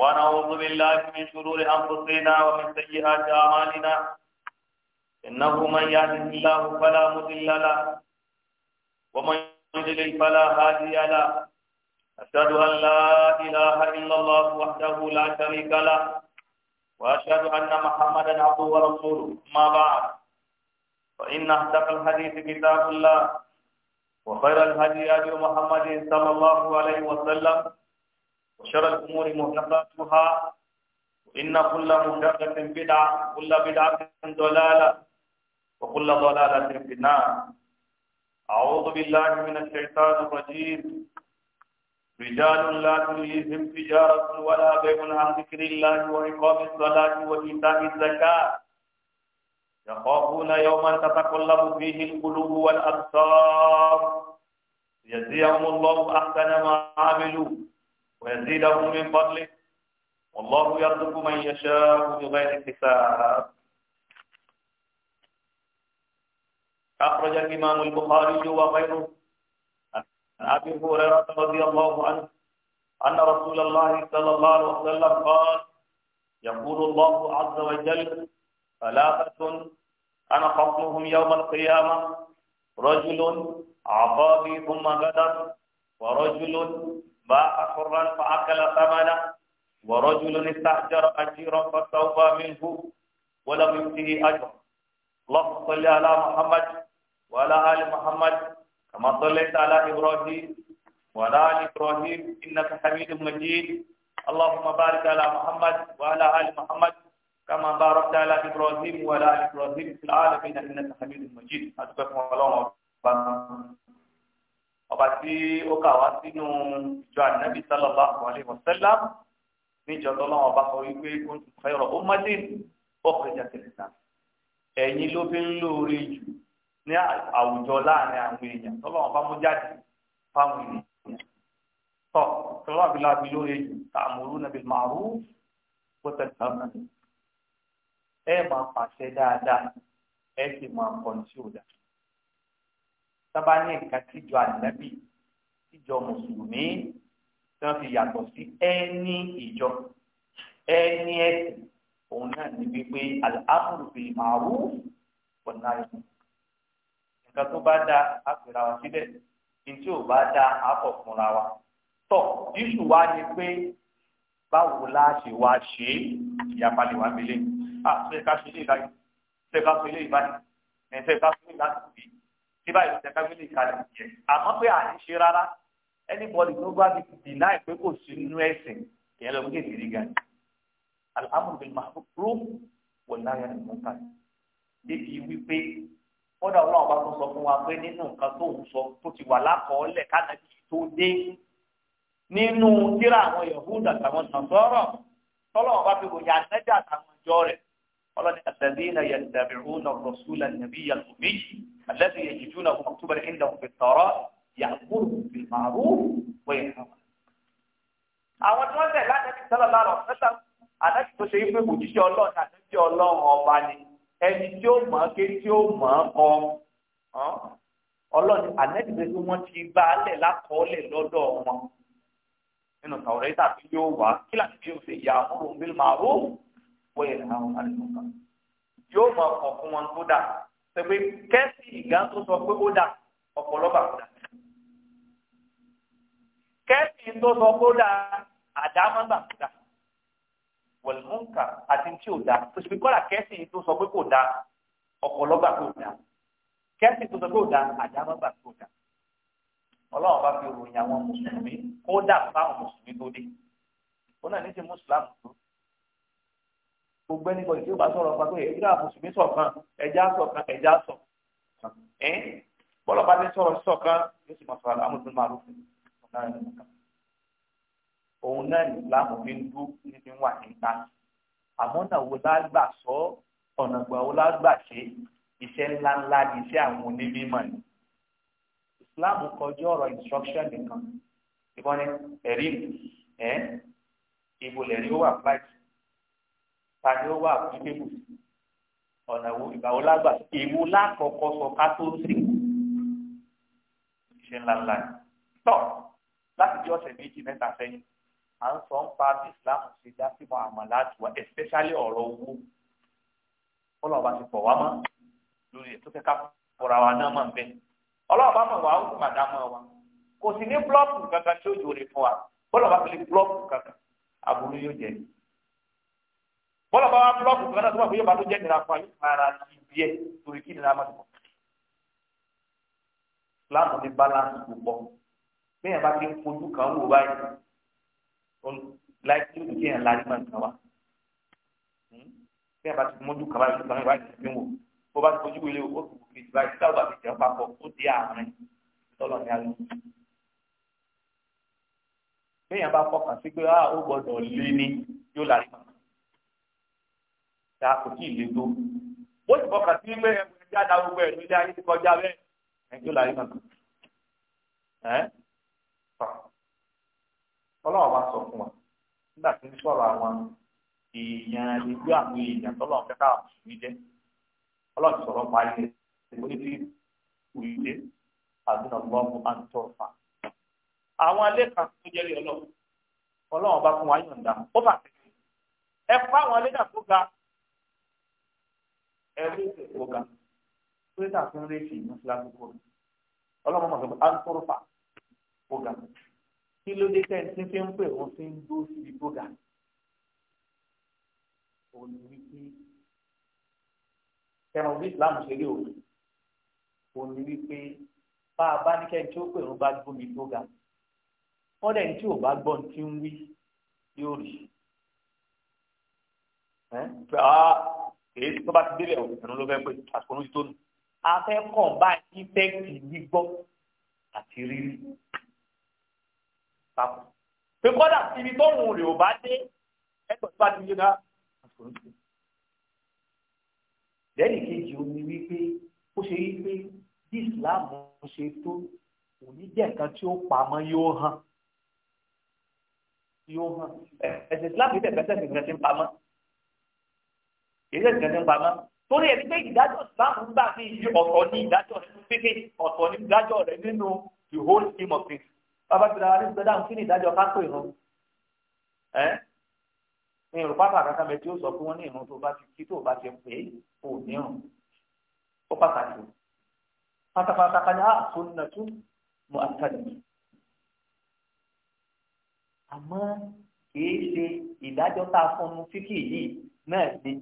ونعوذ بالله من شرور أنفسنا ومن سيئات أعمالنا إنه من يهده الله فلا مضل له ومن يضلل فلا هادي له أشهد أن لا إله إلا الله وحده لا شريك له وأشهد أن محمدا عبده ورسوله ما بعد فإن أصدق الحديث كتاب الله وخير الهدي هدي محمد صلى الله عليه وسلم وشر الأمور محدثاتها إن كل محدثة بدعة كل بدعة ضلالة وكل ضلالة في النار أعوذ بالله من الشيطان الرجيم رجال لا تلهيهم تجارة ولا بيع عن ذكر الله وإقام الصلاة وإيتاء الزكاة يخافون يوما تتقلب فيه القلوب والأبصار يزيهم الله أحسن ما عملوا ويزيدهم من فضله والله يرزق من يشاء بغير حساب أخرج الإمام البخاري وغيره عن أبي هريرة رضي الله عنه أن رسول الله صلى الله عليه وسلم قال يقول الله عز وجل ثلاثة أنا خصمهم يوم القيامة رجل عطى ثم غدر ورجل باع حرا فأكل ثمنه ورجل استأجر أجيرا فاستوفى منه ولم يؤته أجر اللهم صل على محمد وعلى آل محمد كما صليت على إبراهيم وعلى آل إبراهيم إنك حميد مجيد اللهم بارك على محمد وعلى آل محمد كما باركت على إبراهيم وعلى آل إبراهيم في العالمين إنك حميد مجيد أتوقف الله ọba tí ó kà wá sínú ìjọ ànábì sallallahu alaihi wasallam níjọ tọ́lọ́wọ́ ọba sọ wípé kuntum khayra ummatin ukhrijat lin-nas ẹ̀yin ló fi ń lóore jù ní àwùjọ láàrin àwọn èèyàn tọ́lọ́wọ́ ọba mú jáde fáwọn èèyàn tọ́ tọ́lọ́wọ́ àbí láàbí lóore jù ta'muruna bil ma'ruf wa tanhawna 'anil ẹ máa pàṣẹ dáadáa ẹ sì máa kọ̀ǹtì òdà sábà ní nǹkan tíjọ ànábì tíjọ mùsùlùmí tí wọ́n fi yàtọ̀ sí ẹni ìjọ ẹni ẹ̀sìn òun náà ní wípé al-amru bil ma'ruf wan nahy nǹkan tó bá dáa á pèrè àwọn síbẹ̀ ntí ò bá dá àpọ̀ fúnra wa tọ̀ iṣu wa ni pé báwo la ṣe wá ṣe é ìyapa lè wá mi lé àṣẹ ah, ká ṣe ilé ìdájọ́ ṣe ká ṣe ilé ìbáyìí ẹ̀ṣẹ̀ ká ṣe ilé ìdájọ́ bí tí báyìí ṣe ká ṣe ilé ìkàlẹ̀ yẹn àmọ́ pé à ń ṣe rárá anybody tó bá ti dìnnà ìpé kò sí nínú ẹ̀sìn ìyẹn lọ gbé ìrírí gan alhamdu bil ma'ruf wal nahy anil munkar débi wípé kódà ọlọ́run bá tún sọ fún wa pé nínú nǹkan tó ń sọ tó ti wà lákọọ́lẹ̀ kánàkì tó dé nínú tíra àwọn yahuda àtàwọn nàṣọ́rọ̀ tọ́lọ́run bá fi wòye àtẹ́jà àtàwọn ìjọ rẹ̀ ọlọ́ni àtàdínà yàtàbíhùn rọ̀ṣúlà nàbí yàtùmí àlẹ́sì yẹ̀jìjúnà fún ọ̀túbà ìndà òfin tọ̀rọ̀ yàkúrò fi màrú wọ́yẹ̀ hàwà. àwọn tí wọ́n tẹ̀ lánàbí sọ́lá lárọ̀ mẹ́ta ànábì tó ṣe wípé òjíṣẹ́ ọlọ́run àtúnṣe ọlọ́run ọba ni ẹni tí ó mọ̀ ké tí ó mọ̀ kọ́ ọlọ́run ànábì tó ṣe wọ́n ti bá a lẹ̀ lákọọ́lẹ̀ lọ́dọ̀ wọn nínú tàwọn wọ́n yẹ àwọn àdìmọ́ká yóò máa kọ̀ fún wọn tó dà pẹ̀pẹ́ kẹ́sì ìgá tó sọ pé ó dà ọ̀pọ̀lọpọ̀ àkùdà kẹ́sì tó sọ pé ó dà àdámọ́gbà àkùdà wẹ̀lmúnkà àti tí ò dá tó ṣe fi kọ́ra kẹ́sì tó sọ pé kò dá ọ̀pọ̀lọpọ̀ kò dá kẹ́sì tó sọ pé kò dá àdámọ́gbà kò dá ọlọ́run bá fi ròyìn àwọn mùsùlùmí kó dà fáwọn mùsùlùmí tó dé ó náà ní gbogbo ẹni kọ́ni tí ó bá sọ̀rọ̀ ọ̀pá pé ẹ̀jẹ̀ àmùsùnmí sọ̀kan ẹ̀jẹ̀ àsọ̀kan ẹ̀jẹ̀ àsọ̀ ẹ̀ bọ́lọ̀ bá ti sọ̀rọ̀ sọ̀kan yóò sì máa sọ̀rọ̀ àmùsùnmí máa lò fún òun náà ní ìlànà fi ń dú níbi wà níta àmọ́ náà wo lágbà sọ ọ̀nà gbà wo lágbà ṣe iṣẹ́ ńláńlá ní iṣẹ́ àwọn onímọ̀ ni Islam kọjú ọ̀rọ̀ instruction nìkan ìbọn ni ẹ̀rí ẹ̀ ìbò lẹ̀rí ó wà flight tani ó wà àplikébù ọ̀nà ìgbàwó lágbà èwo lákọ̀ọ́kọ́ sọ ká tó ń sìn iṣẹ́ ńlá ńlá tọ́ láti bí ọ̀sẹ̀ méjì mẹ́ta sẹ́yìn à ń sọ ń pa bí Islam ṣe dá sí mọ́ àmàlà àtúwá especially ọ̀rọ̀ owó ọlọ́ọ̀bá ti pọ̀ wá mọ́ lórí ètò kẹ́kà fúnra wa náà mọ̀ ń bẹ́ ọlọ́ọ̀bá mọ̀ wá ó kù màdá mọ̀ wa kò sí ní búlọ́ọ̀kù kankan tí ó jòrè fún wa bọ́lọ̀ bá fi lè búlọ́ọ̀kù kankan àbúrú yóò jẹ́ yìí bọ́lá bá wá búlọ́ọ̀kù kan náà tó wà pé yóò bá tó jẹ́ nira fún ayé ara ti bíẹ́ torí kí nira máa ti pọ̀. láàmú ní balance gbogbo bẹ́ẹ̀ bá ti ń fojú kan wò báyìí láìpẹ́ òdù kí èèyàn lárí máa ń kàn wá. Hmm? bẹ́ẹ̀ bá ti mójú kan báyìí kan wáyé ti wò bó bá ti fojú wele o kò kò kejì báyìí táwọn ti jẹun papọ̀ ó di àárín tọ́lọ̀ ní alẹ́. bẹ́ẹ̀ bá fọkàn sí pé ah, ó gbọ́dọ̀ lé ní yóò lárí máa ta kò tí ì lè tó bó ti fọkàn sí pé ẹgbẹ́ ẹjẹ àdá gbogbo ẹ nílé ayé ti kọjá bẹ́ẹ̀ ẹjọ́ làyé kan ẹ Ọlọ́run wa sọ fún wa nígbà tí ń sọ̀rọ̀ àwọn èèyàn ìlú àwọn èèyàn tọ́lọ̀ kẹta òṣùwì jẹ́ Ọlọ́run sọ̀rọ̀ pa ilé oníbi òyìnbó àdúrà lọ́mú àǹtọ̀fà àwọn alẹ́ tó jẹ́rìí Ọlọ́run Ọlọ́run bá fún wa yọ̀ǹda ó bàtẹ́ ẹ fún àwọn alẹ́ tó ga everything kó ga twitter tó ń rétí mọ́ṣáláṣí kó ga ọlọ́mọ mọ̀ sọ́kọ́ antorofa kó ga kí ló dé tẹ́ ẹ̀ tí ń pè wọ́n fi ń dó sí kó ga òun ni wípé ẹran bí islam ṣe rí òun òun ni wípé bá a bá ní kẹ́ni tí ó pè wọ́n bá gbómi tó ga wọ́n dẹ̀ tí ò bá gbọ́n tí ń wí yóò rí. Ah, èyí tó bá ti délẹ̀ ẹ̀rọ ló fẹ́ pé àsìkò ló tó nù. a fẹ́ kàn bá ífẹ́ẹ̀tì gbígbọ́ àti rírí papọ̀. pé kọ́dà ibi tó ń rè ò bá dé ẹgbẹ́ tó bá ti yé ná àsìkò ló ti tó. lẹ́yìn kejì omi wípé ó ṣe wípé bí ìsìláàmù ṣe tó òní jẹ́ nǹkan tí ó pamọ́ yóò hàn yóò hàn ẹ̀sìn ìsìláàmù yìí tẹ̀ fẹ́ sẹ́sìn eré nǹkan ní pamọ́ torí ẹni pé ìdájọ́ ìsìláàmù ń gbà fi ṣe ọ̀tọ̀ ní ìdájọ́ rẹ pípé ọ̀tọ̀ ní ìdájọ́ rẹ nínú the whole scheme of things bàbá ti dára ní dáhùn kí ni ìdájọ́ ká pè rán ẹ́ ní yorùbá pàtàkì àmì tí ó sọ fún wọn ní ìrún tó bá ti kí tó bá ti pè é kò ní rùn ó pàtàkì pátápátá ká ní àtúntò mu àtàlẹ́ àmọ́ kì í ṣe ìdájọ́ tá a fọ́nù fíkì yìí náà ni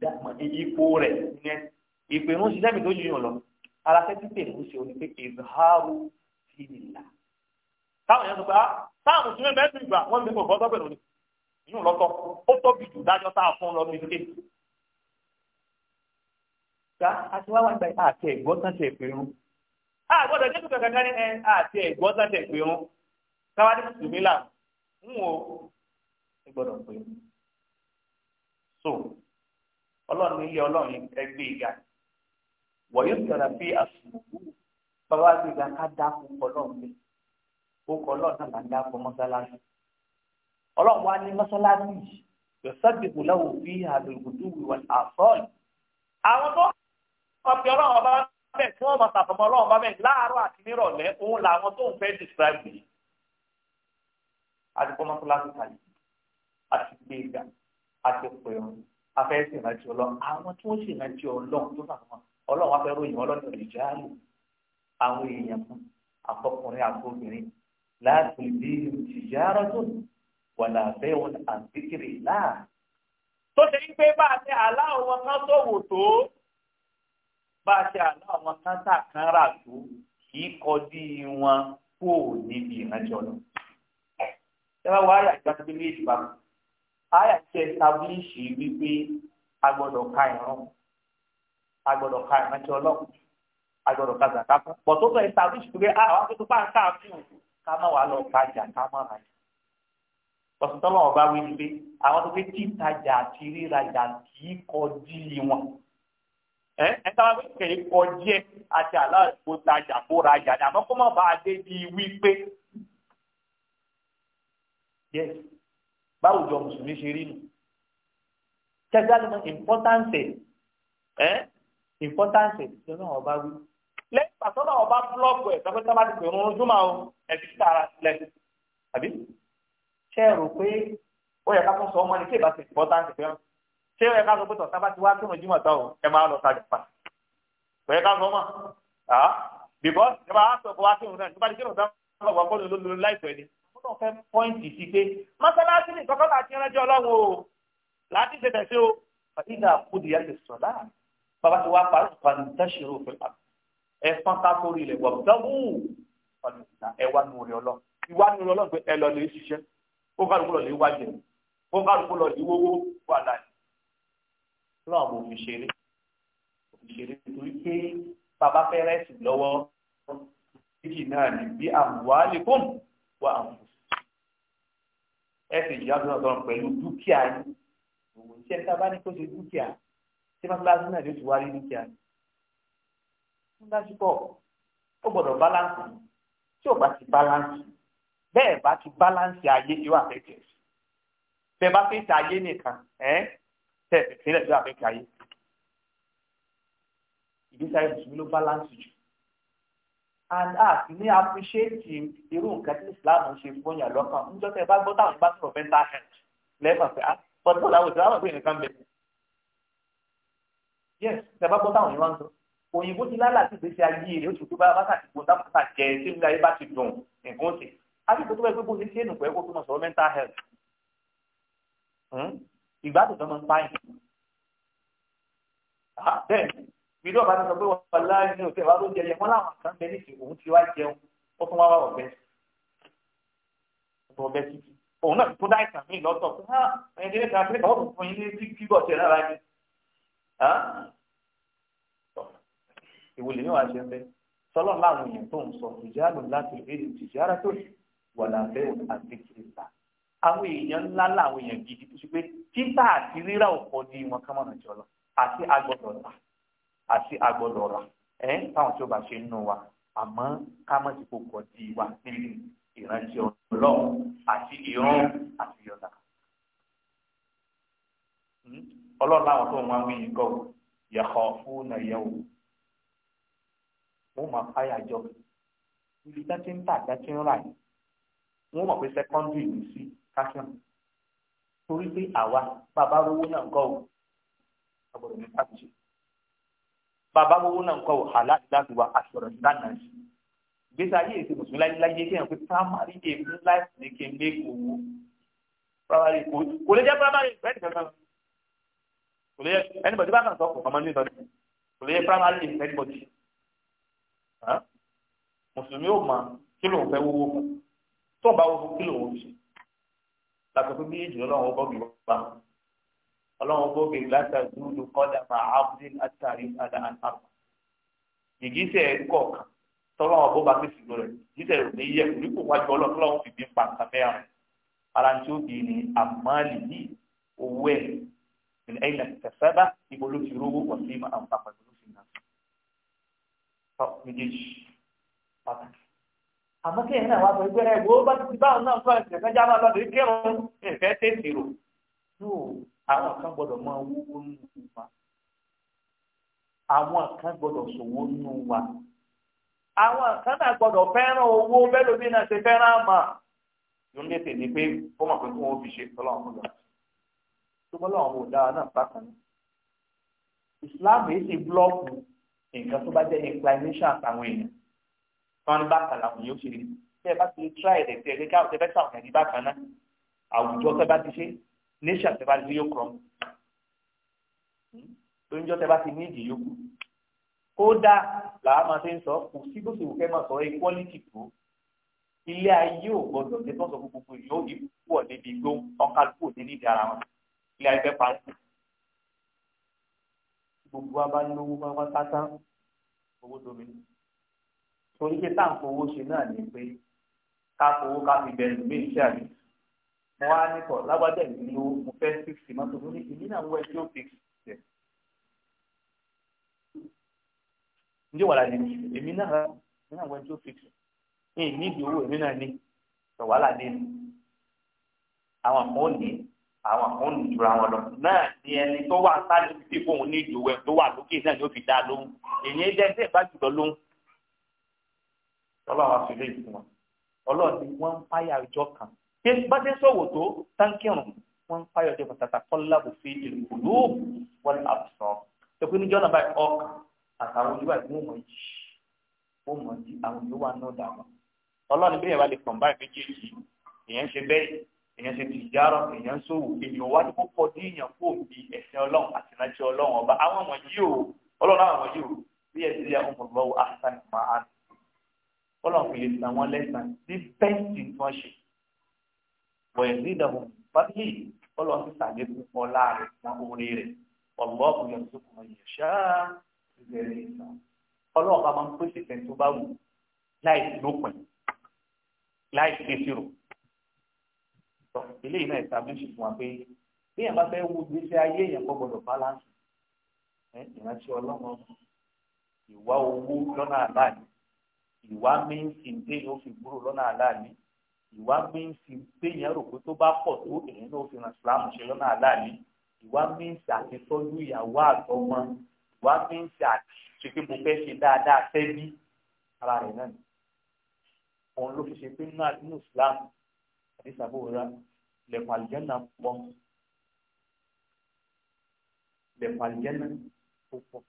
ipò rẹ̀ ní ìpè ń ṣiṣẹ́ mi tó yíyan lọ ara fẹ́ títẹ̀ ń ṣe òní pé ìzáàrú sí ìlà táwọn yẹn sọ pé ah, táwọn mùsùlùmí bẹ́ẹ̀ tún ìgbà wọ́n mímú ọ̀gbọ́n tọ́bẹ̀ lónìí yóò lọ́tọ̀ ó tóbi jù dájọ́ tá a fún lọ ní ilé. gba aṣíwáwá gba àti ẹ̀gbọ́n tán ti ẹ̀pẹ̀ rún àgbọ̀dọ̀ jẹ́ tuntun kankan ní ẹ àti ẹ̀gbọ́n tán ẹ̀pẹ̀ rún káwá ní mùsùlùmí là ń wò ó pé so ọlọ́run ilé ọlọ́run ẹgbẹ́ ìga wọ̀nyí sọ̀rọ̀ bí àsùnwó bàbá gbígbà ká dáko ọlọ́run mi okọ̀ ọlọ́run náà máa ń dáko mọ́sálásí ọlọ́run wa ní mọ́sálásí yọ̀sọ́dìbò láwù bí àbẹ̀gùdù wíwà àsọ́ọ̀lù àwọn tó wọ́n fi ọlọ́run ọba bẹ́ẹ̀ tí wọ́n máa ṣàfọ̀mọ́ ọlọ́run ọba bẹ́ẹ̀ láàárọ̀ àti nírọ̀lẹ́ òun làwọn tó ń fẹ́ describe afẹ́ sì rántí ọlọ́run àwọn tí wọ́n sì rántí ọlọ́run tó fà wọn ọlọ́run afẹ́ ròyìn ọlọ́run ìjáàlù àwọn èèyàn kan àtọkùnrin àtọbìnrin láti bí ìjìyàrá tó wàlà bẹ́ẹ̀ àǹtíkiri náà. tó ṣe ń pé bá a ṣe àlá àwọn kan tó wò tó bá a ṣe àlá àwọn kan tà kan rà tó kì í kọjú wọn kó níbi ìrántí ọlọ́run. ṣé wàá wá àyà ìgbàsíbí méjì bá wọn. àyà ti ẹ̀stábílíṣì wípé agbọdọ ka ìrún agbọdọ ka ìrántí ọlọ́run ka zàká fún tó sọ establish pé ah, àwọn akẹ́kọ̀ọ́ bá ń ká àfihàn ká má wàá lọ ka ká má ra jà pọ̀sítọ́lọ́ ọba wí ni pé àwọn tó fi títajà àti ẹ ẹ kọjí ẹ àti aláàbò tajà rajà ni àmọ́ báwùjọ mùsùlùmí ṣe rí nù tẹgbẹ́lùmọ́ ìmpọ́táǹsì ẹ́ ìmpọ́táǹsì tí ọlọ́run ọba wí. lẹ́yìn pàṣẹ náà ọba búlọ́ọ̀gù ẹ̀ sọ́kẹ́ sábà ti pè ń rúnjúmọ́ o ẹ̀bí tí ara lẹ́sìn àbí. ṣé ẹ rò pé ó yẹ ká fún sọ ọmọ ní kí ìbáṣe ìmpọ́táǹsì pé wọn ṣé ó yẹ ká sọ pé tọ̀sán bá ti wá kírun jùmọ̀ tán o ẹ máa lọ sájà pa kò yẹ ká sọ mọ́ ah, bìbọ́ ẹ máa sọ tó fẹ́ pọ́ìntì sí pé mọ́sálásí ní ìkọ́kọ́ láti rẹ́jọ́ ọlọ́run o láti ṣe tẹ̀sí o ìdá kúdi yá ti sọ̀ dáa bàbá ti wá parí ìpanu tẹ́sírò fún àbí ẹ fọ́n ká sórí ilẹ̀ wọ̀ dọ́wù ọ̀nà ẹwà nù rẹ̀ ọlọ́run ìwà nù rẹ̀ ọlọ́run pé ẹ lọ lè ṣiṣẹ́ kó kálukú lọ lè wájẹ kó kálukú lọ lè wówó wà láàyè lọ́wọ́ mo fi ṣeré mo fi ṣeré torí pé bàbá fẹ́ rẹ́sì lọ́wọ́ méjì ẹ fi ìjọba tó ń sọ̀rọ̀ pẹ̀lú dúkìá yìí òwò iṣẹ́ tá a bá ní kó ṣe dúkìá tí mọ́tíláṣí náà yóò ti wá rí dúkìá yìí. mọ́tíláṣí pọ̀ ó gbọ́dọ̀ báláǹsì tí ò bá ti báláǹsì bẹ́ẹ̀ bá ti báláǹsì ayé yóò àfẹ́kẹ̀ bẹ́ẹ̀ bá fi ṣàyé nìkan ẹ̀ tẹ̀ fìfìlẹ̀ yóò àfẹ́kẹ̀ ayé ìgbésí ayé mùsùlùmí ló báláǹsì jù and ask ní appreciate irú nǹkan tí Islam ṣe fún yàn lọ́kàn níjọ́ tẹ́ ẹ bá gbọ́ táwọn bá sọ̀rọ̀ mental health lẹ́ẹ̀kan pé ah but bọ́ọ̀lù àwọn ìsìlámù pé bẹ̀. yes tẹ́ bá gbọ́ táwọn yìí wá ń sọ òyìnbó ti lálà sí ìgbésí ayé rẹ̀ oṣù tó bá bá sàtìgbò dáfọ́sà jẹ tí ilé ayé bá ti dùn nǹkan ṣe àbíkó tó bá gbé bóyá ṣé nùpẹ́ kó tó sọ̀rọ̀ mental health hmm? ìgbádùn tó máa ń pààyàn ah, bẹ́ẹ̀ bídọ́ bá ti sọ pé wọ́n láàyè ní òtẹ́ wàá ló jẹ yẹn wọ́n kan bẹ ní ìsìn òun ti wá jẹun ó tún wá wá ọ̀bẹ ọ̀bẹ títí òun náà tó dá ìtàn mí lọ́tọ̀ fún hàn ẹni tí ní kan kíríkà wọ́n fún yín ní kíkọ́ tiẹ̀ náà láyé ìwò lè ní wàá ṣe ń bẹ sọlọ láwọn èèyàn tó ń sọ ìjáàlù láti èdè ìjára tó ṣe wà lábẹ́ àti kìrìtà àwọn èèyàn ńlá láwọn èèyàn gidi tó ṣe pé títà àti rírà ọ̀pọ̀ di wọn kámọ́nà jọlọ àti agbọ́dọ̀ náà àti agbọ́dọ̀ rà ẹ táwọn tí ó bá ṣe nínú wa àmọ́ ká má ti kó kọ di wa níbi ìrántí Ọlọ́run àti ìrun àti ìyọta hmm? Ọlọ́run láwọn tó ń wá wíyìn kọ yàkọ fún nàyẹwò wọn máa fáyà jọ ibi tá ti ń tà tá ti ń rà yìí wọn mọ̀ pé sẹ́kọ́ndì yìí sí káṣíọ̀n torí pé àwa bàbá rówó náà ń kọ́ ọ agbọ̀dọ̀ ní káṣíọ̀n bàbá wo náà kọ́ halal láti wá aṣọ̀rọ̀ lánàá sí gbèsè ayé èsì mùsùlùmí láyé láyé kí ẹ̀yàn pé primary aim ní life ní kí n lé owó primary kò kò lè jẹ́ primary ìfẹ́ nìkan kan kò lè jẹ́ ẹni bọ̀dé bá kàn sọ kò kàn máa ní ìtọ́jú kò lè jẹ́ primary ìfẹ́ nìbọ̀dé mùsùlùmí ò mọ kí lòun fẹ́ wọ́wọ́ fún tó bá wọ́wọ́ kí lòun ṣe làkàtúntì ìjìnlọ́wọ́ bọ́ọ̀gì bá wọn ọlọ́run gbóge láta zúlù kọ́dà máa abdul atari adan arba ìgísẹ̀ kọ̀ọ̀kan tọ́lọ́ ọ̀bọ̀ bá fi sùgbọ́n rẹ̀ ìgísẹ̀ rẹ̀ ní yẹ onípò wájú ọlọ́run fìdí pa kàfẹ́ àrùn ara tí ó di ni àmàlì yìí owó ẹ̀ ìlẹ̀ ẹ̀yìn tẹ̀sẹ̀bá ibo ló fi rówó wọ̀ sí ìmọ̀ àwọn àpàgbẹ́ ló fi nà sí. tọ́ méjèèjì pàtàkì àmọ́ kí ẹ̀yin náà wá sọ pé ẹ̀gbọ́n bá ti bá àwọn náà fún ẹ̀sìn ẹ̀fẹ́ jábọ̀ lọ́dọ̀ àwọn kan gbọ́dọ̀ máa wúwo nínú wa àwọn kan gbọ́dọ̀ ṣòwò nínú wa àwọn kan náà gbọ́dọ̀ fẹ́ràn owó bẹ́ẹ̀ lómi náà ṣe fẹ́ràn àmà ló ń lẹ́tẹ̀ ní pé kó mọ̀ pé kí wọ́n fi ṣe tọ́lọ́wọ́n fún wa tó bọ́ lọ́wọ́n kò dára náà bákan náà ìsìláàmù yìí ti búlọ́ọ̀kù nǹkan tó bá jẹ́ inclination àtàwọn èèyàn wọn ní bákan làwọn yóò ṣe rí tẹ́ ẹ bá ti try ẹ̀ tẹ́ ẹ káwọn tẹ́ fẹ́ sàwọn ẹ̀ ní bákan náà àwùjọ tẹ́ bá ti ṣe nation tẹ́ bá ní yóò kọ́ lóúnjọ tẹ́ bá ti ní ìdí yókù kódà làá máa ṣe ń sọ kò sí bó ṣe wù kẹ́ máa sọ equality tó ilé ayé ò gbọdọ̀ ṣe tọ́sọ̀ gbogbo yóò ikú ọ̀ níbi igbó ọ̀kálùkù òní ní ìdára wọn ilé ayé fẹ́ parí. gbogbo wa bá lówó bá wá sátán owó tóbi torí pé táǹkì owó ṣe náà ní pé ká fowó ká fi bẹ̀rù mí iṣẹ́ àbí mo wá ní kọ̀ lágbájá ìlú mo fẹ́ fífi mọ́tò mo ní ìlú náà wọ ẹjọ́ fífi rẹ̀. ǹjẹ́ wàhálà ni èmi náà èmi náà wọ ẹjọ́ fífi èyí nídìí owó èmi náà ní wàhálà dé ni àwọn kan ò ní àwọn kan ò ní jura wọn lọ náà ni ẹni tó wà sáré fífi fóun ní ìjòwò ẹ tó wà lókè náà ni ó fi dá lóhùn èyí ẹ jẹ́ ẹ bá jùlọ lóhùn ọlọ́run àfi lè fún wọn ọlọ́run ni wọ́n ń pé bá ti ń sọ̀wọ̀ tó táǹkìrùn wọn ń fáyọ̀ jẹ́ pàtàkì kọ́lá kò fi ìlú kùlú wọn àbùsọ̀ ẹ̀kú níjọ́ náà báyìí ọkàn àtàwọn ojú àti wọn mọ̀ jì wọn mọ̀ jì àwọn yóò wà náà dà wọn ọlọ́run bí èèyàn bá lè kọ̀ǹbá ìméjèèjì èèyàn ṣe bẹ́ẹ̀ èèyàn ṣe tìjárọ̀ èèyàn ṣòwò èèyàn wá nípò pọ̀ ní èèyàn kó bí ẹ̀sìn ọlọ́run àti ìrántí ọlọ́run ọba àwọn ọmọ yìí o ọlọ́run àwọn ọmọ yìí o bí ẹ̀ sílẹ̀ ọmọ lọ́wọ́ àṣà nìkan àná ọlọ́run fi lè san wọn lẹ́sàn-án bí bẹ́ẹ̀sì tí wọ́n ṣe wẹ̀yìn ìdààmú pàtí ọlọ́run ti sàlékún ọlá rẹ̀ fún orí rẹ̀ ọlọ́ọ̀kùn yẹn tó kùn yẹn ṣá ìbẹ̀rẹ̀ ìtàn ọlọ́run bá máa ń pèsè fẹ́ tó bá wù láì lópin láì ṣèṣirò eléyìí náà ìtàbíṣì fún wa pé bí èèyàn bá fẹ́ wo gbèsè ayé èèyàn kò gbọdọ̀ báláǹsì ìrántí ọlọ́run ìwà owó lọ́nà àlàní ìwà méǹsì ń dé fi gbúrò lọ́nà àlàní ìwà míǹsì téèyàn rò pé tó bá pọ̀ tó èyí ló fi ràn sílámù ṣe lọ́nà aláàní ìwà míǹsì àti tọ́jú ìyàwó àtọmọ ìwà míǹsì àti ṣe pé mo fẹ́ ṣe dáadáa fẹ́bí ara rẹ̀ náà ni òun ló fi ṣe pé nínú àdínú islam àti sàbòrà lẹ̀kùn àlìjẹ́nà pọ̀ lẹ̀kùn àlìjẹ́nà tó pọ̀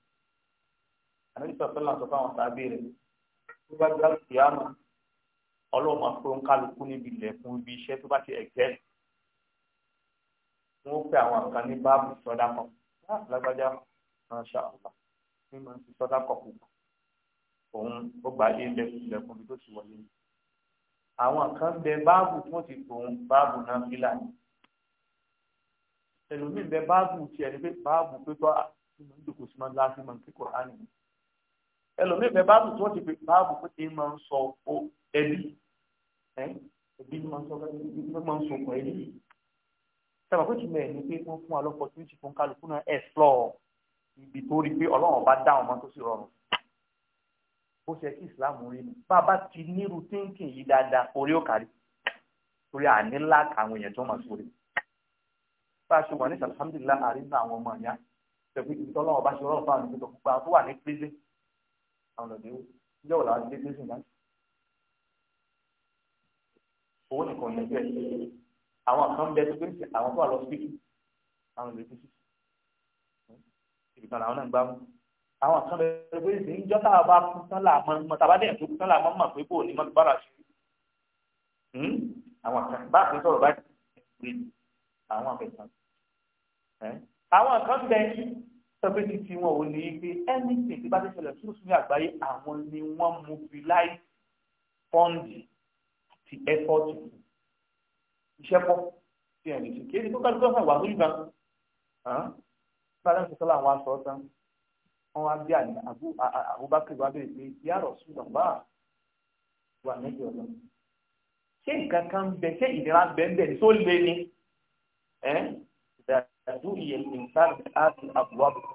àdínú sọ̀tọ́ làǹtọ̀ fáwọn sábẹ́ rẹ̀ tó bá gbá ìyá ọlọ́run máa fún kálukú níbi ilẹ̀ fún ibi iṣẹ́ tó bá ti ẹ̀gbẹ́ wọn ó pè àwọn kan ní báàbù sọdá kan lágbájá ránṣẹ́ àbúrò ní màá ti sọdá kan kù òun ó gbà é lẹ́kùn lẹ́kùn bí tó ti wọlé àwọn kan bẹ báàbù tí wọ́n ti tòun báàbù náà fílà ni ẹlòmíì bẹ báàbù tiẹ̀ ní pé báàbù pé tó ìmọ̀ ń sí máa ń láti máa ń kíkọ̀ á ẹlòmíì bẹ báàbù tí wọ́n ti pè báàbù pé ìmọ̀ ń sọ ẹbí ẹbí ló máa ń sọ ẹbí ló máa ń sọkùn ẹbí sábà pé tùmọ̀ ẹ̀ ni pé wọ́n fún wa lọ́pọ̀ tí ó ti fún kálukú náà explore ibi tó rí pé ọlọ́run bá dá ọmọ tó sì rọrùn ó ṣe kí ìsìláàmù rí mi bá a bá ti nírú thinking yìí dáadáa orí ó kárí torí àní ńlá àwọn èèyàn tó máa sórí bá a ṣe wà ní sàlámdìlá àríwá àwọn ọmọ ìyá tẹ̀wé ìtọ́ ọlọ́run bá ṣe rọrùn fún àwọn ìgbésọ̀ gbogbo àwọn tó wà ní prison àwọn ọ̀dọ́ ìjọba làwọn ti dé prison láti owó nìkan yẹn bẹ́ẹ̀ àwọn kan bẹ tó pé àwọn kan lọ síbí àwọn lè fi ìbìkan làwọn náà gbá mú àwọn kan bẹ tó pé ìsìn ìjọ tá a bá kú tán là mọ mọ tàbá dẹ̀ tó kú tán là mọ mọ pé bò ní mọ bára ṣe hmm? àwọn kan bá a fi sọ̀rọ̀ báyìí pé àwọn àfẹsán àwọn kan bẹ tọ́pẹ́ ti ti wọn ò ní í pé anything tí bá ti ṣẹlẹ̀ tó sún ní àgbáyé àwọn ni wọ́n mobilize fọ́ǹdì ti ẹ́fọ́ọ̀tì iṣẹ́ pọ̀ tí ẹ̀ lè ṣe kéde tó kálukú ọ̀sán wà lórí ìgbà bàbá ìṣẹ̀sọ́lá àwọn aṣọ ọ̀sán wọn wá bí àná Abubakar wá bèrè pé yà rọ̀ sùn bàbá wà lẹ́yìn ọ̀dọ́ ṣé nǹkan kan ń bẹ ṣé ìnira ń bẹ ń bẹ ní tó lé ní ìdájú ìyẹn nǹkan àti àbúrò àbúrò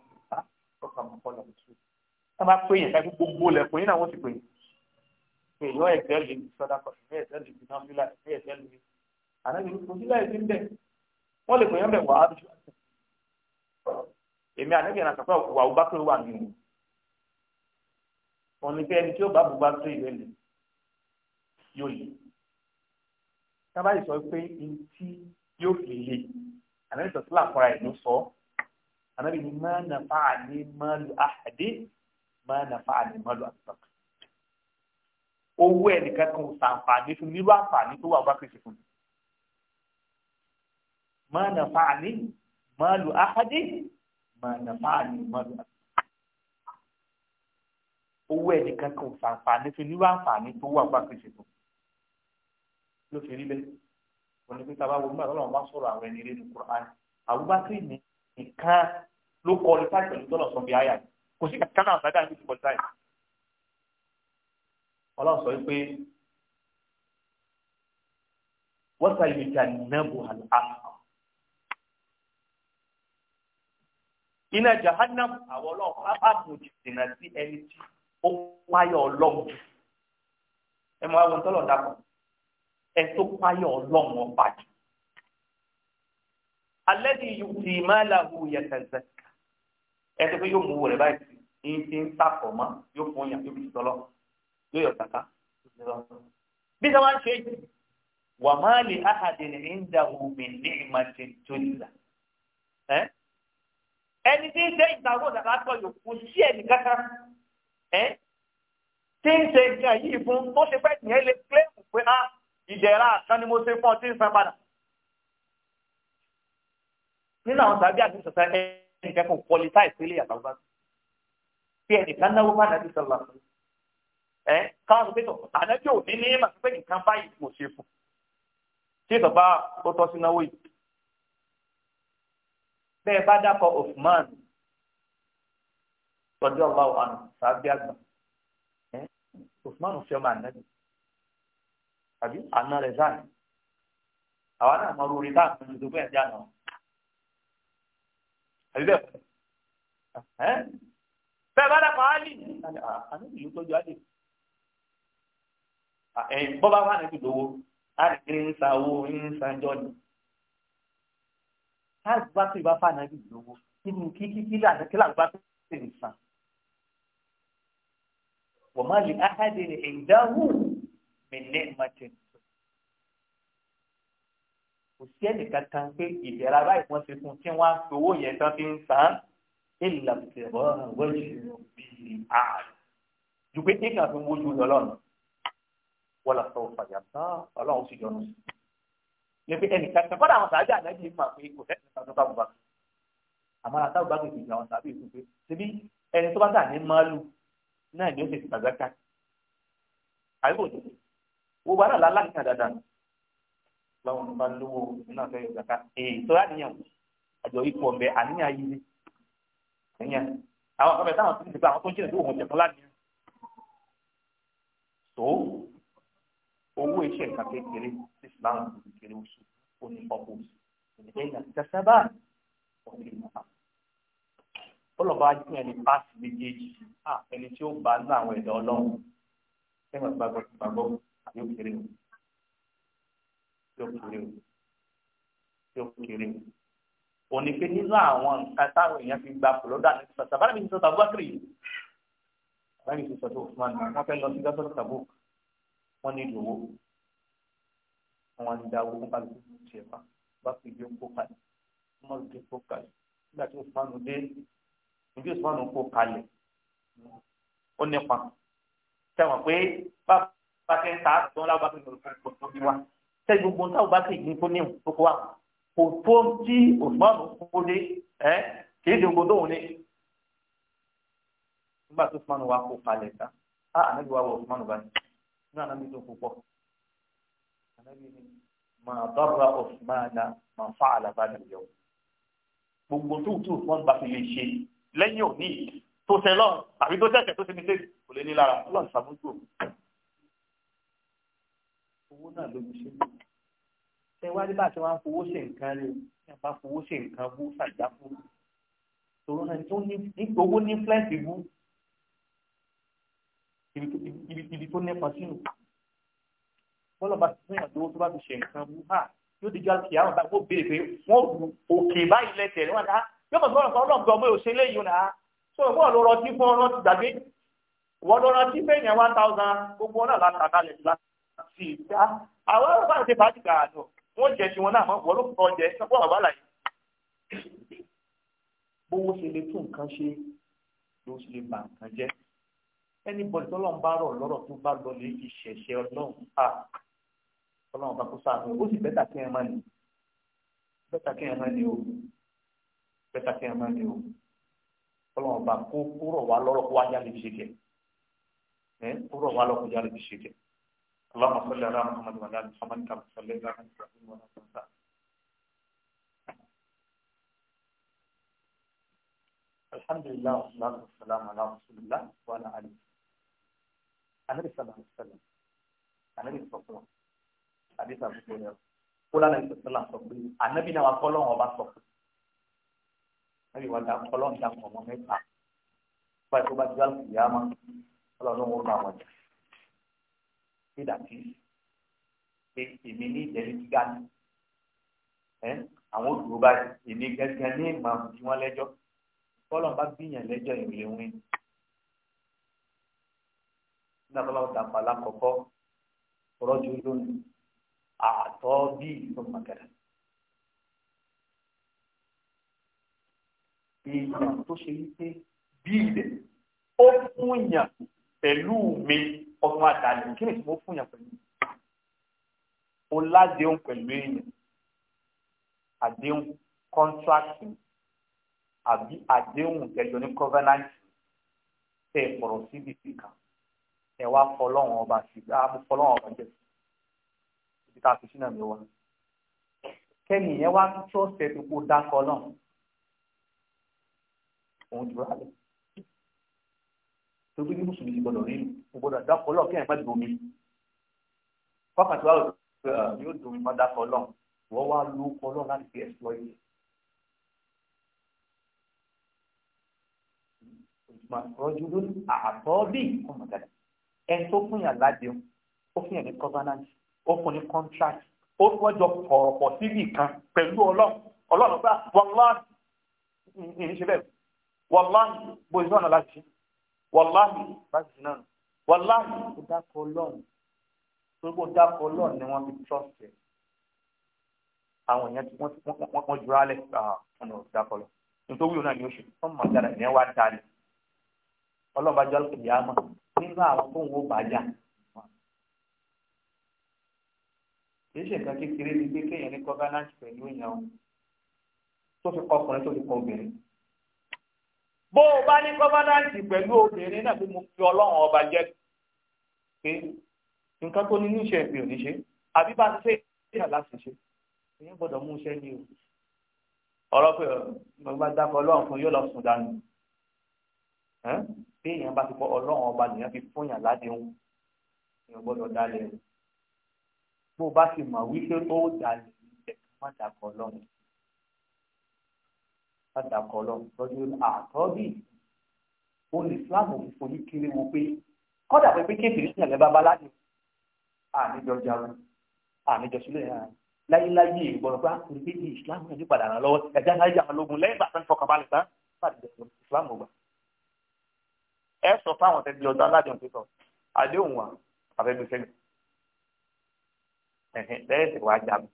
ọkọ̀ àmọ́kọ́ lọ́wọ́ sí i. tá a bá pè yẹn ká gbogbo lẹ̀kùn yín náà wọ́n ti pè yẹn èèyàn ẹ̀fẹ́ lè ní sọ́dákọ̀ ẹ̀fẹ́ ẹ̀fẹ́ lè ní náfílà ẹ̀fẹ́ ẹ̀fẹ́ lè ní ànábi ojúlá ẹ̀fẹ́ ń bẹ̀ wọ́n lè pèyàn bẹ̀ wá àdúgbò èmi ànábi ẹ̀nà sọ̀kọ̀ wà ó bá pé wà nínú wọn ni pé ẹni tí ó bá bù bá tó ìwé lè yóò lè sábà yìí pé ní tí yóò fi lè ànábi sọ sílà fúnra ẹ̀ ló sọ ànábi ni má nàfà àní má lu àhàdé má nàfà àní má lu àtúntàkùn owó ẹnìkan kan ò sàǹfààní fún nírú àǹfààní tó wà bá kìí ṣe fún mi. máa nà fààní máa lu ahadi máa nà fààní máa lu ahadi. owó ẹnìkan kan ò sàǹfààní fún nírú àǹfààní tó wà bá kìí ṣe fún mi. ló fi rí bẹ́ẹ̀ wọ́n ní pété abáwo nígbà tó lọ́wọ́ bá sọ̀rọ̀ àwọn ẹni rẹ̀ ní Kùránì Abubakar nìkan ló kọ́ ọ́ ọlọ́run sọ pé wọ́sà ìmìtà nẹ́bù àlùfáà. iná jahannam àwọn ọlọ́run bá bò jìnnà sí ẹni tí ó páyọ̀ ọlọ́run jù ẹ máa wọn tọ́lọ̀ dàpọ̀ ẹ tó páyọ̀ ọlọ́run ọba jù. alẹ́ ni yóò fi máa làwù yẹtẹ̀zẹ̀ ẹ tó fẹ́ yóò mú wọlé báyìí ní ti ń sàkọ̀ mọ́ yóò fún yàn yóò fi yóò yọ kàkà bí sábà ń ṣe wà má lè áhàdìrì ìdáhù mi ní ìmọ̀tì tó nílà ẹni tí ń ṣe ìdáhù ìdáhù tó yòó kò sí ẹnì kankan tí ń ṣe nǹkan yìí fún tó ṣe fẹ́ nìyẹn lè kílẹ̀mù pé á ah, ìdẹ̀ra kan ni mo ṣe fún ọ tí ń san padà. nínú àwọn tàbí àti sọ̀tà ẹni kẹ́kọ̀ọ́ qualify sílé àtàwọn bá tí ẹnìkan náwó bá dàbí sọ̀rọ̀ àfọ̀yọ́ ẹ káwọn sọ pé tó ànájọ òní ní màá pé nǹkan báyìí kò ṣe fún ṣé bàbá ó tọ́ sí náwó yìí bẹ́ẹ̀ bá dákọ̀ Uthman tọ́jú ọba ọ̀hánù sábẹ́ àgbà Uthman fi ọmọ ànájọ tàbí àná rẹ̀ záà àwa náà mọ orí táà fún ìdókòwò ẹ̀ díà àbí bẹ́ẹ̀ bá dákọ̀ Àlì àná ìlú tọ́jú Àlì bọ́ba wà ní ìdòwò àti ń sa owó ń san jọ́ni. káàdì bá tó ìbá fàánà ní ìdòwò nínú kíkí kílà àti kílà bá tó ṣe ń san. wọ́n máa lè áhádé ní ìdáhùn mi ní ìmọ̀tẹ́. kò sí ẹnìkan kan pé ìdẹ̀ra báyìí wọ́n ti fún tí wọ́n á fi owó yẹn tán fi ń san ìlànà ìbọn wọ́n ṣe bí i ààrùn. ju pé kéèkàn fi ń wojú lọ́lọ́run wọ́n lọ sọ̀rọ̀ fàyà tán ọlọ́run sì yọnu sí. Mm. ní pé ẹnì kan kọ́dà àwọn sàájà náà yìí mà pé kò sẹ́ni kan tó bá bùbá. àmọ́ ara táwọn bá gbèsè ìgbà àwọn sàábì ìlú pé ẹni tó bá tà ní màálù náà ni ó sì tàgbà ká. àyíkò tó wo bàrà lálá ní àdàdà lọ́wọ́n bá lówó náà fẹ́ yọ̀gà ká. èyí tó yà níyàn àjọ ipò ọ̀bẹ àníyàn yìí àwọn ọ̀bẹ táwọn tó ń owó iṣẹ́ nǹkan kékeré islam kékeré oṣù ó ní purpose ìdílé ìdàgbàsábà ọ̀sẹ̀ ìmọ̀ta. ọlọ́ba á jẹ́ ẹni páàsì méjèèjì à ẹni tí ó bá ní àwọn ẹ̀dá ọlọ́run ẹ̀wọ̀n gbàgbọ́ gbàgbọ́ yóò kéré o yóò kéré o yóò kéré o òní pé nínú àwọn nǹkan táwọn èèyàn fi gba pòlọ́dà ní sọ̀tà bá mi sọ̀tà kiri, bá mi sọ̀tà Usman wọn fẹ́ lọ sí gásọ́tà bókù wọ́n nílò owó wọ́n ń da owó fún kálukú ṣe fa bá fi gbé kó kalẹ̀ wọ́n máa gbé kó kalẹ̀ nígbà tí òsùnmánù dé níbi òsùnmánù kó kalẹ̀ ó nípa sẹ́wọ̀n pé bá bá ti ń ta àtúntò láwọn bá fi lòlù fún ìkòtò bí wa sẹ́ gbogbo táwọn bá ti gbin tó ní ìkókó wa kò tó tí òsùnmánù kó dé ẹ́ kì í dògbò tóun ní nígbà tó òsùnmánù wa kó kalẹ̀ ta á ànágbèwà wọ òsùnmánù báyìí náà nàbí tó púpọ̀ nàbí ni mà bàbá ọ̀sùnmáàna mà fà àlàbàdà yọ gbogbo tó tó wọn bá fi lè ṣe lẹ́yìn òní tó ṣe lọ àbí tó ṣẹ̀ṣẹ̀ tó ṣe ní sẹ́yìn kò lè ní lára lọ́n ṣàmójú òun owó náà ló ti ṣe ṣe wá ní bá ṣe wá fowó ṣe nǹkan rẹ ní àbá fowó ṣe nǹkan bú ṣàjáfó tòun náà tó ní owó ní fúlẹ́ǹsì bú ibi tó nípa sínú bọ́lá bá ti fún ìyàtọ̀ owó tó bá fi ṣe nǹkan bú ha ah, yóò di jọ́ kìí àwọn àgbàgbọ́ béèrè pé wọ́n ru òkè báyìí lẹ́tẹ̀ wọn náà ah, yóò mọ̀ sọ́rọ̀ sọ́rọ̀ lọ́gbọ̀n mọ́ òṣè lẹ́yìn náà sọ̀rọ̀ bọ́ọ̀ ló rántí fún ọ rántí gbàgbé wọ́n ló rántí bẹ́ẹ̀ yẹn one thousand gbogbo ọ̀nà látàkálẹ̀ láti ìgbà ah, àwọn ọ̀bá ti fàájì gàánù wọ́n jẹ ti wọn náà mọ́ wọ́n ló kọ́ jẹ sọ́kọ́ àbálà yìí bówó ṣe lè tún nǹkan ṣe ló ṣe lè bà nǹkan jẹ́ ẹni bọ̀dì tó lọ́n bá rọ̀ lọ́rọ̀ tó bá lọ lè fi ṣẹ̀ṣẹ̀ ọlọ́run a ọlọ́run bá kó sáànù ó sì bẹ́tà kí ẹ máa ní bẹ́tà kí ẹ máa ní o bẹ́tà kí ẹ máa ní o ọlọ́run bá kó kúrò wá lọ́rọ̀ kó wájà lè fi ṣe kẹ ẹ kúrò wá lọ́rọ̀ kó wájà lè fi ṣe kẹ اللهم صل على محمد وعلى ال محمد كما الحمد لله والصلاة والسلام على رسول الله وعلى آله anabi sallallahu alaihi wasallam anabi sọfún àbí sàbùkù ni ọ kóla náà sọ sọlá sọ pé anabi náà wà kọlọ́n ọba sọ fún anabi wà dá kọlọ́n dá ọmọ mẹ́ta báyìí tó bá dúró àlùkò yá má ọlọ́run wọn bá wọn jẹ pé dàbí pé èmi ní ìdẹ́rẹ́ gíga ni àwọn òdùró báyìí èmi gẹ́gẹ́ ní ìmọ̀ àbùjú wọn lẹ́jọ́ kọlọ́n bá gbìyànjú lẹ́jọ́ ìrìlẹ̀ wọn nígbà tó dàpọ̀ alákọ̀ọ́kọ́ rọ́jò lónìí àtọ́ bí ìlú màgàdà. èèyàn tó ṣe wípé bí ilé ó fún yàn pẹ̀lú mi ọmọ àdàlẹ̀ kí ni mo fún yàn pẹ̀lú o ládéhùn pẹ̀lú èèyàn àdéhùn kọ́ńtrákì àbí àdéhùn ẹ̀jọ̀ ní covenant tẹ̀ pọ̀rọ̀ síbi kan ẹ wá fọlọ́wọ́n ọba sí i ah mo fọlọ́wọ́n ọba jẹ ibi tá a fi sínú mi wá kẹ́ni yẹn wá trọ́ọ̀sì ẹ̀ tó kó dákọ̀ náà òun jù rálẹ̀ tó gbé ní mùsùlùmí gbọdọ̀ rí mo gbọdọ̀ dákọ̀ lọ kí ẹ̀ má dùn mí wákàtí wa yóò dùn mí má dákọ̀ lọ wọ́n wá ló kọ́ lọ láti fi ẹ̀sọ́ yìí. رجل أعطى بي هم كذا ẹni tó fún yàn ládéhùn ó fún yàn ní covenant ó fún ní contract ó wọ́n jọ pọ̀rọ̀pọ̀ síbì kan pẹ̀lú ọlọ́run ọlọ́run gbà wàláhì ìní ṣe bẹ́ẹ̀ wàláhì bó iná náà láti ṣe wàláhì bá ti ṣe náà nù wàláhì ó dákọ̀ ọlọ́run torí ó dákọ̀ ọlọ́run ni wọ́n fi trust ẹ̀ àwọn èèyàn tí wọ́n jura alẹ́ ọ̀nà dákọ̀ lọ nítorí òun náà ni ó ṣe wọ́n mọ̀ dára ìyẹn wá dáa ni ọlọ́run bá jọ àlùkò yà á mọ̀ nínú àwọn tó ń wó bàjá kìí ṣe nǹkan kékeré ni pé kéèyàn ní governance pẹ̀lú èèyàn tó fi kọ ọkùnrin tó fi kọ obìnrin bó o bá ní governance pẹ̀lú obìnrin náà pé mo fi ọlọ́run ọba jẹ́ pé nǹkan tó ní níṣẹ́ mi ò ní ṣe àbí bá ti ṣe ìyá láti ṣe èyí gbọ́dọ̀ mú iṣẹ́ ní o ọ̀rọ̀ pé mo dákọ̀ ọlọ́run fún yóò lọ sùn dànù pé èèyàn bá ti kọ́ ọlọ́run ọba nìyẹn fi fún yàn ládéhùn èèyàn gbọ́dọ̀ dalẹ̀ o bó o bá ti mọ̀ wípé ó dalẹ̀ ẹ̀ má dàkọ̀ ọlọ́run má dàkọ̀ ọlọ́run lọ́jọ́ àtọ́bí òun ìsìláàmù fi fojú kiri wo pé kọ́dà pé pé kéèké nísìnyàn lẹ́ bá bá ládé àníjọ jarun àníjọ sílẹ̀ yàrá láyéláyé ìgbọ̀nà pé àkùnrin ah, pé ìsìláàmù yẹn ní padà ràn lọ́wọ́ ẹ̀já láyé àwọn ológun lẹ́yìn bàtà ń fọkàn balẹ̀ tán ẹ sọ fáwọn tẹ̀lé ọ̀dọ́ aládùn pé sọ àdéhùn wa àfẹ́mi sẹ́yìn ẹ̀hìn lẹ́yìn tí wàá jà mí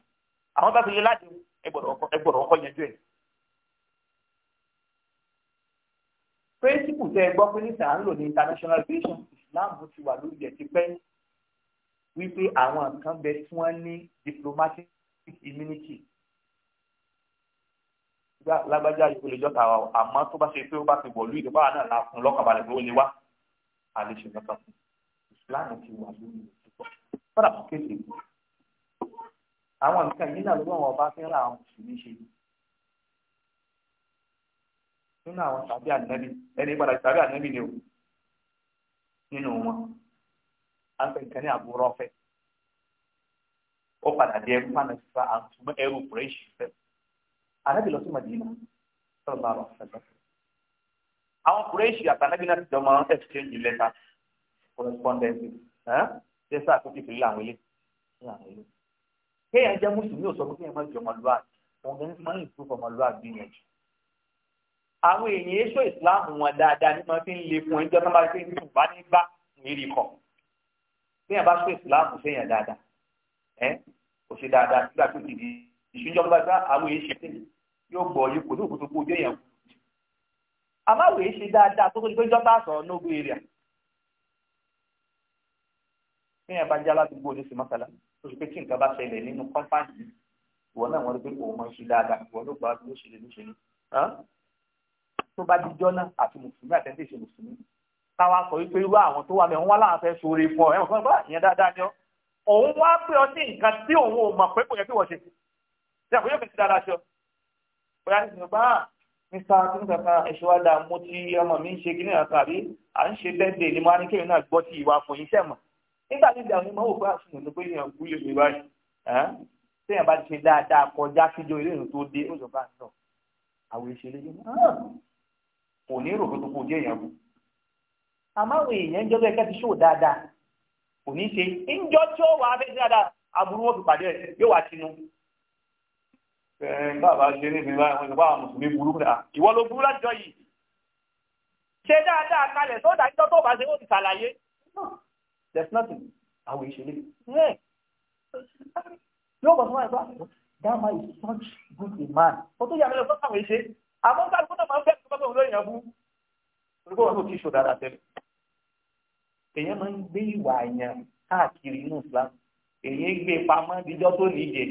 àwọn bá fi lé láti ẹ gbọ́dọ̀ ọkọ yẹn jù ẹ̀. pírẹ́sìpù tẹ ẹ gbọ́ pé níta à ń lò ní international relations Islam ti wà lórí ẹ̀ ti pẹ́ wípé àwọn kan bẹ tí wọ́n ní diplomatic immunity pé lágbájá ìpele jọta wa àmọ́ tó bá ṣe pé ó bá ti wọ̀lú ìdí báwa náà la fún lọ́kànbalẹ̀ pé ó lè wá àlejò mẹ́ta fún ìsìláàmù ti wà lórí ìdúpọ̀ fọ́nà fún kéde àwọn nǹkan yìí náà ló wọn ọba fẹ́ ra àwọn mùsùlùmí ṣe nínú àwọn tàbí ànẹ́bí ẹni padà tàbí ànẹ́bí ni o nínú wọn à ń pè nǹkan ní àbúrò ọ̀fẹ́ ó padà di ẹrú fún àná ẹrú pẹ̀lú ìṣẹ̀fẹ́ ànábì lọ sí Madina sọlá rọ ṣẹlẹ̀ àwọn kùrẹ́ẹ̀ṣì àtànábì náà ti jọ máa ń exchange letter correspondence ẹ̀ ṣe sáà tó ti fi lé àwọn ilé kéèyàn jẹ́ mùsùlùmí ò sọ pé kéèyàn má jọ ọmọlúwàbí wọn kò ní máa ń ìtú ọmọlúwàbí yẹn jù àwọn èèyàn èso ìsìláàmù wọn dáadáa ní máa fi ń le fún ẹjọ́ tó máa fi ń tù bá ní bá ìrì kọ̀ kéèyàn bá sọ ìsìláàmù séèyàn dáadáa ẹ kò ṣe dáadáa nígbà tó ti di ìṣúnjọ́ bá bá àwọn èèyàn ṣe tẹ́lẹ̀ yóò gbọ́ yìí kò ní òkú tó kú ojú èèyàn kù àmáwò yìí ṣe dáadáa tó tó di pé jọba sọ nógún èrè ní ẹ̀ bá jẹ́ aládùúgbò ní sèmọ́sálà tó ṣe pé kí nǹkan bá ṣẹlẹ̀ nínú kọ́ńpáàkì ìwọ náà wọ́n rí pé òun máa ń ṣe dáadáa ìwọ ló gbà ló ṣẹlẹ̀ ló ṣẹlẹ̀ tó bá di jọ́nà àti mùsùlùmí àtẹ́ntẹ́ ṣe mùsùlùmí táwa sọ wípé irú àwọn tó wà mí òun wá láwọn fẹ́ ṣoore fún ọ ẹ̀wọ̀n fún ọ ìyẹn dáadáa ni ọ òun wá pé ọ sí nǹkan tí òun ò mọ̀ pé kò yẹ kí wọ́n ṣe ṣe àkóyọ̀ kẹ́sì dáadáa ṣe ọ bóyá ní sinmi bá mista tí nǹkan kan ẹ̀ṣọ́ àdá mú tí ọmọ mi ń ṣe kí nìyàn tàbí à ń ṣe lẹ́dẹ̀ ni mo á ní kéwìn náà gbọ́ tí ìwà fún yín sẹ́mọ̀ nígbà tí ìdààmú ìmọ̀ wò pé àṣùnà ló pé èèyàn kú yóò ṣe báyìí téèyàn bá ti ṣe dáadáa kọjá síjọ ilé ìrìn tó dé oṣù bá ń sọ àwọn ìṣẹ̀lẹ̀ yìí kò ní rò tó kó jẹ èèyàn kù àmọ́ àwọn èèyàn jọ bẹ́ẹ̀ kẹfì ṣòwò dáadáa kò ní ṣe ńjọ tí ó wà á fẹ́ dáadáa aburú wọn fi pàdé yóò wá tinú bàbá eh, ṣe níbi wọn ìwà mùsùlùmí burúkú náà ìwọ ló burú lájọ yìí ṣe dáadáa kalẹ̀ sọ́dà ìjọ tó bá ṣe ó ti ṣàlàyé there's nothing àwọn ìṣẹ̀lẹ̀ eh. yóò bọ̀ fún àìsàn dama is such good a man ó tó yàrá lọ́sọ́ àwọn ìṣe àmọ́ ká lóko náà máa ń fẹ́ tó bá bẹ̀rù lóyìn abú olùkọ́ wọn kò kí ṣò dáadáa tẹ́lẹ̀ èèyàn máa ń gbé ìwà àyàn káàkiri inú Islam èèyàn gbé pamọ́ ìjọ tó nìyẹn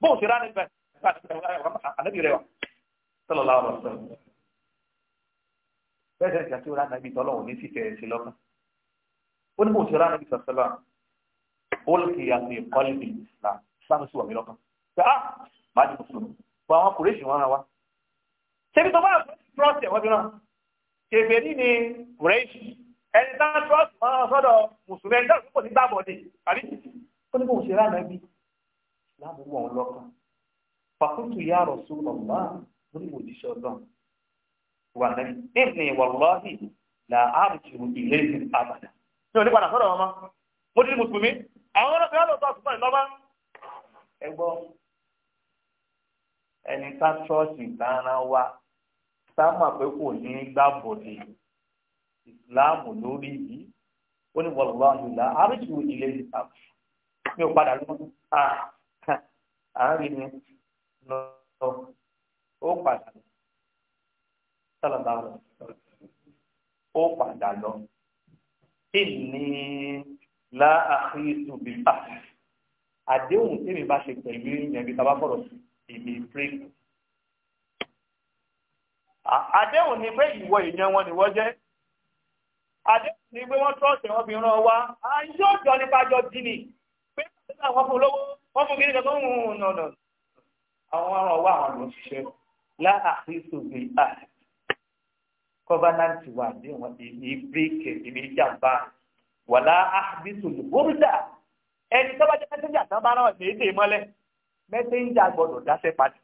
bó o ṣe rá nípa ànábì rẹ wa sọlọ la ọ̀rọ̀ sọ bẹ́ẹ̀ sẹ ìjà tí o rá ànábì tọ lọ́wọ́ ní fìfẹ́ ṣe lọ́kàn ó ní bó o ṣe rá ànábì sọsọlá bólúkì àti kọlìbì là sáà sí wà mí lọ́kàn ṣe á máa di mùsùlùmí bọ àwọn kùrẹ́ṣì wọn ra wa ṣébi tó bá trọ́ọ̀sì ẹ̀wọ́n bí náà ṣègbè ní ni kùrẹ́ṣì ẹni tá trọ́ọ̀sì wọn sọ́dọ̀ mùsùlùmí ẹni tá lábúwọ̀ wọn lọ́kàn fàkútù yá Rasulullah mo ní òjíṣẹ́ ọlọ́run wà náà ẹ̀mí wàlọ́hì là áàrùjù ilé ìlú àbàdà mi ò ní padà sọ́dọ̀ wọn mọ́ mo ti ní mùsùlùmí àwọn lọ́ọ́ ẹ gbọ́ ẹni ká ṣọ́ọ̀ṣì wa sáàmà pé kò à ń rí ni lọ ó padà sálàbà lọ ó padà lọ ìní láàárín ìbí pa àdéhùn tèmi bá ṣe pẹ̀lú ìyẹn bí tá fọ̀rọ̀ sí èmi pírẹ́kì àdéhùn ni pé ìwọ èèyàn wọn nìwọ jẹ́ àdéhùn ni pé wọ́n tọ́ọ̀tẹ̀ wọn fi ràn wá àyọ̀jọ́ nípa jọ dínì pé àwọn fún lówó wọ́n fún kí nìkan tó ń hùn hùn nọ̀nà àwọn ọmọ ọwọ́ àwọn ló ń ṣiṣẹ́ láàkíyèsí bí a kọ́bánàtì wà ní wọn èmi bíríkì èmi jàmbá wà láàbísù lùbúrúdà ẹni tó bá jẹ́ mẹ́sẹ́njà tán bá náà ní èdè mọ́lẹ̀ mẹ́sẹ́njà gbọ́dọ̀ dáṣẹ́ padà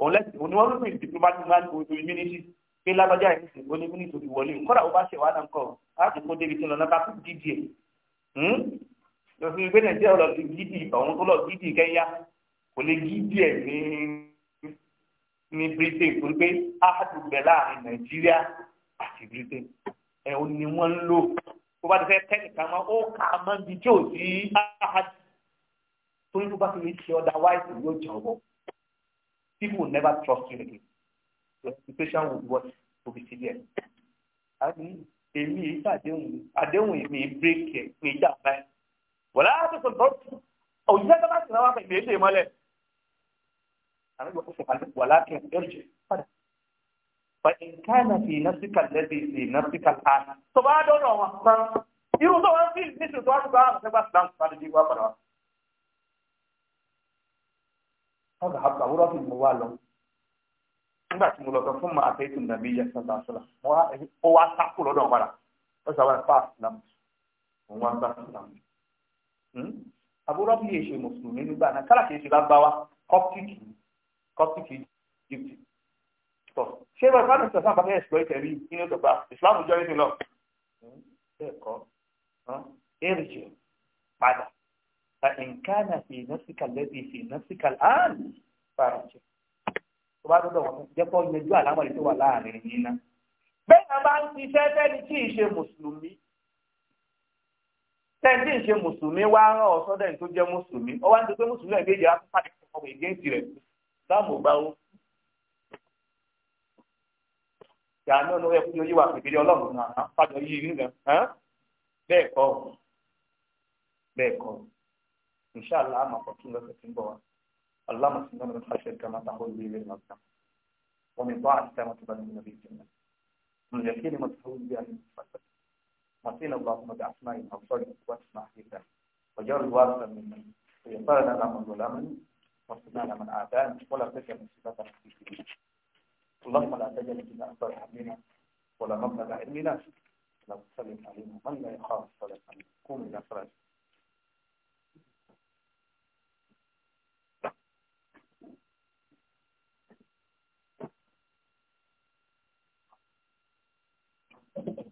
òun lẹ́sìn òun ni wọ́n rúbìn diplomatic man to immunity pé lágbájá yìí sì ó ní mínísítì wọlé kọ́dà ó bá ṣe wàhálà ńkọ́ á ti kó débi tí ń lọ náà ká kú dídì ẹ̀ hmm? lọ́sìn pé nàìjíríà lọ sí gidi ọ̀hún tó lọ gidi kẹ́yà kò lè gidi ẹ̀ ní ní britain torí pé áàdù bẹ̀ láàrin nàìjíríà àti britain ẹ̀ ò ní wọ́n ń lò tó bá ti fẹ́ tẹ́nìkan mọ́ ó kà á mọ́ ibi tí ò sí áàdù torí tó bá ti lè ṣe otherwise yóò jẹ́ ọ̀bọ̀ people will never trust you again your situation will be what will be severe àbí èmi ìṣàdéhùn àdéhùn èmi break ẹ̀ pé ìjà báyìí wọ́n lára tó sọ̀tọ̀ òyìnbó tó bá sì náwó àfẹ́ ìdè mọ́lẹ̀ àwọn ìgbà tó sọ̀tọ̀ wà láti ẹ̀rọ̀jẹ̀ padà fàyín káyọ̀ fi násìkà lẹ́bi fi násìkà ká tó bá dọ́nà wọn tán irú tó wọn fi ní ìṣòro tó wá tó bá àwọn ọ̀sẹ̀ bá sàn padà di wá padà wá. wọ́n gbà hàbà wúrọ́ fi mú wa lọ nígbà tí mo lọ sọ fún ma àtẹ̀yẹ́tù nàbí yẹ sọ́dọ̀ àṣọlá wọ́n wá sákò lọ́dọ̀ padà ó sọ wọn fà sílámù òun wá sá sílámù àbúrò hmm? bí èṣe mùsùlùmí nígbà náà kálá kìí ṣe lágbáwá coptic coptic egypt tọ ṣé ìwà ìfáàní sọ sáà bàbá ẹ̀sìkò ìtẹ̀rí nínú ìtọ́gbà islam jọ ní ìlọ hmm? bẹ́ẹ̀ kọ́ ẹ̀rìjẹ̀ padà ta nǹkan àti ìnáṣíkà lẹ́bi ìfì ìnáṣíkà láàánú fàràjẹ̀ tó bá dọ́dọ̀ wọn jẹ́ kó yanjú àlámọ̀lẹ́ tó wà láàrin yìí náà bẹ́ẹ̀ náà bá ń ṣiṣẹ́ fẹ́ni tí ì ṣe mùsùlùmí tẹ́ǹtì ṣe mùsùlùmí wá rán ọ tó jẹ́ mùsùlùmí ọ wá ń dúpẹ́ mùsùlùmí ẹ̀ méje akópa ìfọwọ́ ìgéǹtì rẹ̀ láàmú gbá ó. ìyá náà ló yẹ kó yóò yíwà pèpèrè ọlọ́run náà á fàjọ yí rẹ̀ bẹ́ẹ̀ kọ́ bẹ́ẹ̀ kọ́ tún lọ́sẹ̀ نسأل اللهم بأسمائنا الصالحة واسمع بنا وجعل الوارث منا ويسرنا لمن ظلمنا واصبرنا من عادانا ولا تجعل مصيبتنا في ديننا اللهم لا تجعل لنا أكبر حمينا ولا مبلغ علمنا لا تسلم علينا من لا يخاف ولا يحمل قوم إلى Thank you.